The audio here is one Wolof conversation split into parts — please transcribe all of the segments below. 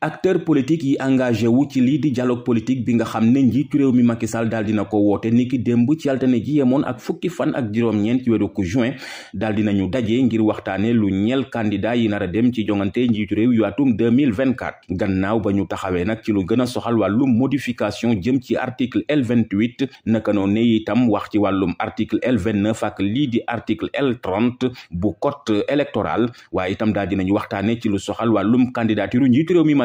acteur politique yi engagé wu ci lii di dialogue politique bi nga xam ne njiitu réew mi Macky Sall daal dina ko woote niki démb ci altine ji yemoon ak fukki fan ak juróom-ñeent ci weeru juin dina ñu daje ngir waxtaane lu ñeel candidat yi nar a dem ci jongante njiitu réew yu atum 2024 gannaaw ba ñu taxawee nag ci lu gën a soxal wàllum modification jëm ci article L28 naka noonu ne itam wax ci wàllum article L29 ak lii di article l bu code électoral waaye itam daal dinañu waxtaane ci lu soxal wàllum candidature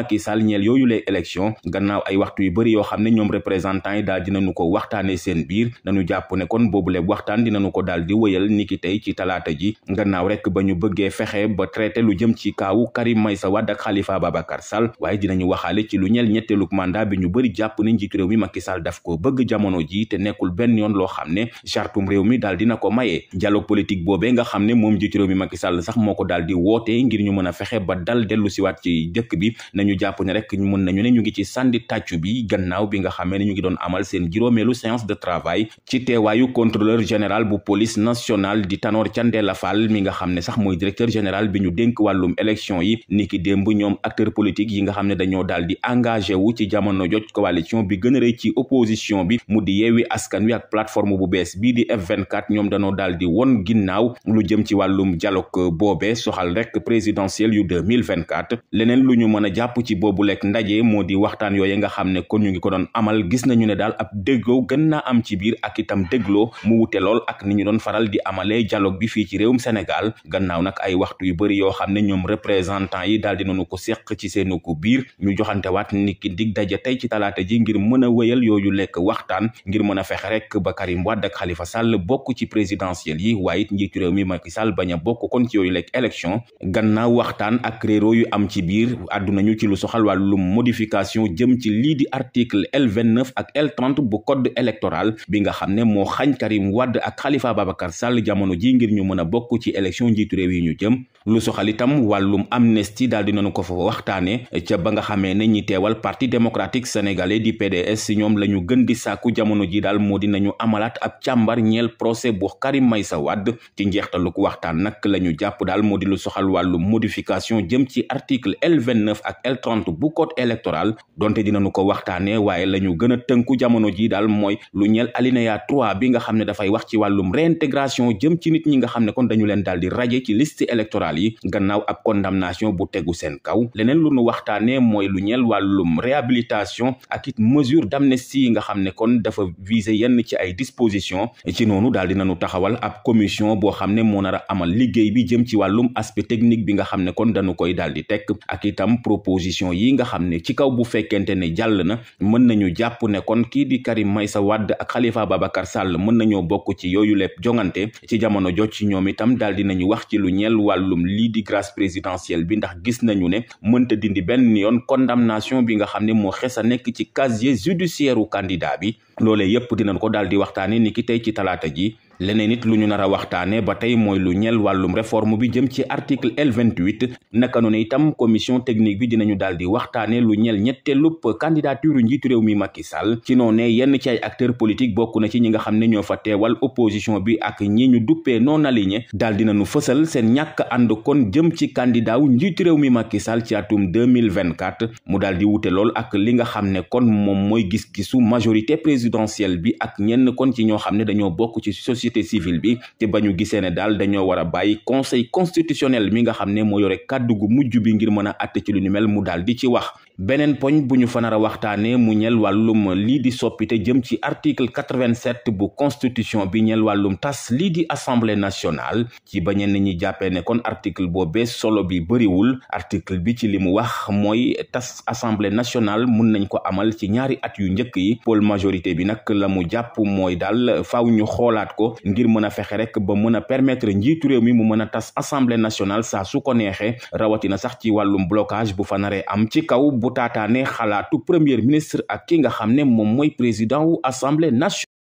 Macky Sall ñeel yooyu les élections gannaaw ay waxtu yu bëri yoo xam ne ñoom représentants yi daal dinañu ko waxtaane seen biir nañu jàpp ne kon boobule waxtaan dinañu ko daal di wëyal niki tey ci talaata ji gannaaw rek ba ñu bëggee fexe ba traité lu jëm ci kaawu Karim Meïssa Wade ak Khalifa Babacar Sall waaye dina ñu waxaale ci lu ñeel ñetteelu mandat bi ñu bëri jàpp ne njiitu réew mi Macky Sall daf ko bëgg jamono ji te nekkul benn yoon loo xam ne chartum réew mi daal dina ko mayee dialogue politique boobee nga xam ne moom njiitu réew mi Macky Sall sax moo ko daal di woote ngir ñu mën a fexe ba dal ñu jàpp ne rek mën nañu ne ñu ngi ci sàndi tàccu bi gannaaw bi nga xamee ne ñu ngi doon amal seen juróomeelu séance de travail ci teewaayu contrôleur général bu police nationale di Tanor Thiendella Fall mi nga xam ne sax mooy directeur général bi ñu dénk wàllum élection yi niki démb ñoom acteur politique yi nga xam ne dañoo daal di engagé wu ci jamono joj coalition bi gën a rëy ci opposition bi mu di yeewi askan wi ak plateforme bu bees bii di f ñoom dañoo daal di won ginnaaw lu jëm ci wàllum dialogue boobee soxal rek présidentiel yu 2024 leneen lu ñu mën ci boobu lekk ndaje moo di waxtaan yooye nga xam ne kon ñu ngi ko doon amal gis na ñu ne daal ab déggoo gën naa am ci biir ak itam dégloo mu wute lool ak ni ñu doon faral di amalee dialogue bi fii ci réewum Sénégal gannaaw nag ay waxtu yu bëri yoo xam ne ñoom représentants yi daal di nañu ko seq ci seenu ko biir ñu joxante waat ni ki dig daje tey ci talaata ji ngir mën a wéyal yooyu lekk waxtaan ngir mën a fexe rek bakar Karim Wade ak Khalifa Sall bokk ci présidentielle yi waaye it réew mi Macky Sall bañ a bokk kon ci yooyu lekk élection lu soxal wàllum modification jëm ci lii di article L29 ak L30 bu code électoral bi nga xam ne moo xañ Karim Wade ak Khalifa Babacar Sall jamono ji ngir ñu mën a bokk ci élection njiitu réew yi ñu jëm lu soxal itam wàllum amnistie daal di nañu ko fa waxtaane ca ba nga xamee ne ñi teewal Parti démocratique sénégalais di PDS si ñoom la ñu gën di saaku jamono ji daal moo dinañu amalaat ab càmbar ñeel procès bu Karim sa Wade ci njeextalu ko waxtaan nag la jàpp daal moo di lu soxal wàllum modification jëm trente bu code électoral donte dina dinañu ko waxtaanee waaye la ñu gën a tënku jamono ji daal mooy lu ñeel alinéa trois bi nga xam ne dafay wax ci wàllum réintégration jëm ci nit ñi nga xam ne kon dañu leen daal di raje ci liste électorale yi gannaaw ab condamnation bu tegu seen kaw leneen lu nu waxtaanee mooy lu ñeel wàllum réhabilitation ak it mesure d'amnistie yi nga xam ne kon dafa viser yenn ci ay disposition ci noonu daal dinañu taxawal ab commission boo xam ne moo nar a amal liggéey bi jëm ci wàllum aspect technique bi nga xam ne kon dañu koy daal di ak itam proposition décision yi nga xam ne ci kaw bu fekkente ne jàll na mën nañu jàpp ne kon kii di Karim sa wadd ak Khalifa Babacar Sall mën nañoo bokk ci yooyu lépp jongante ci jamono jot ci ñoom itam daal dinañu wax ci lu ñel wàllum lii di grâce présidentielle bi ndax gis nañu ne mënta dindi benn yoon condamnation bi nga xam ne moo xes a nekk ci casier judiciaire u candidat bi loolee yépp dinañ ko daal di waxtaane ni ki tey ci talaata ji leneen it lu ñu nar a waxtaane ba tey mooy lu ñel wàllum reforme bi jëm ci article L28 naka noonu itam commission technique bi dinañu daal di waxtaanee lu ñel ñetteelub candidature njiitu réew mi Macky Sall ci noonee yenn ci acteur politique bokk na ci ñi nga xam ne ñoo fa teewal opposition bi ak ñi ñu duppee non aligné daal dinañu fësal seen ñàkk ànd kon jëm ci candidat wu njiitu réew mi Macky Sall ci atum 2024 mu daal di wute lool ak li nga xam ne kon moom mooy gis-gisu majorité présidentielle bi ak ñenn kon ci ñoo xam ne dañoo bokk ci société société civile bi te ba ñu gisee ne daal dañoo war a bàyyi conseil constitutionnel mi nga xam ne moo yore kàddu gu mujj bi ngir mën a àtte ci lu ñu mel mu daal di ci wax beneen poñ bu ñu fa a waxtaanee mu ñel wàllum lii di soppite jëm ci article 87 bu constitution bi ñel wàllum tas lii di assemblée nationale ci ba ñenn ñi jàppee ne kon article boobee solo bi bëriwul article bi ci li mu wax mooy tas assemblée nationale mun nañ ko amal ci ñaari at yu njëkk yi pôle majorité bi nag la mu jàpp mooy daal faw ñu xoolaat ko ngir mën a fexe rek ba mën a permettre njiitu réew mi mu mën a tas assemblée nationale saa su ko neexee rawatina sax ci wàllum blocage bu fa naree am ci kaw bu taataane xalaatu premier ministre ak ki nga xam ne moom mooy président wu assemblée nationale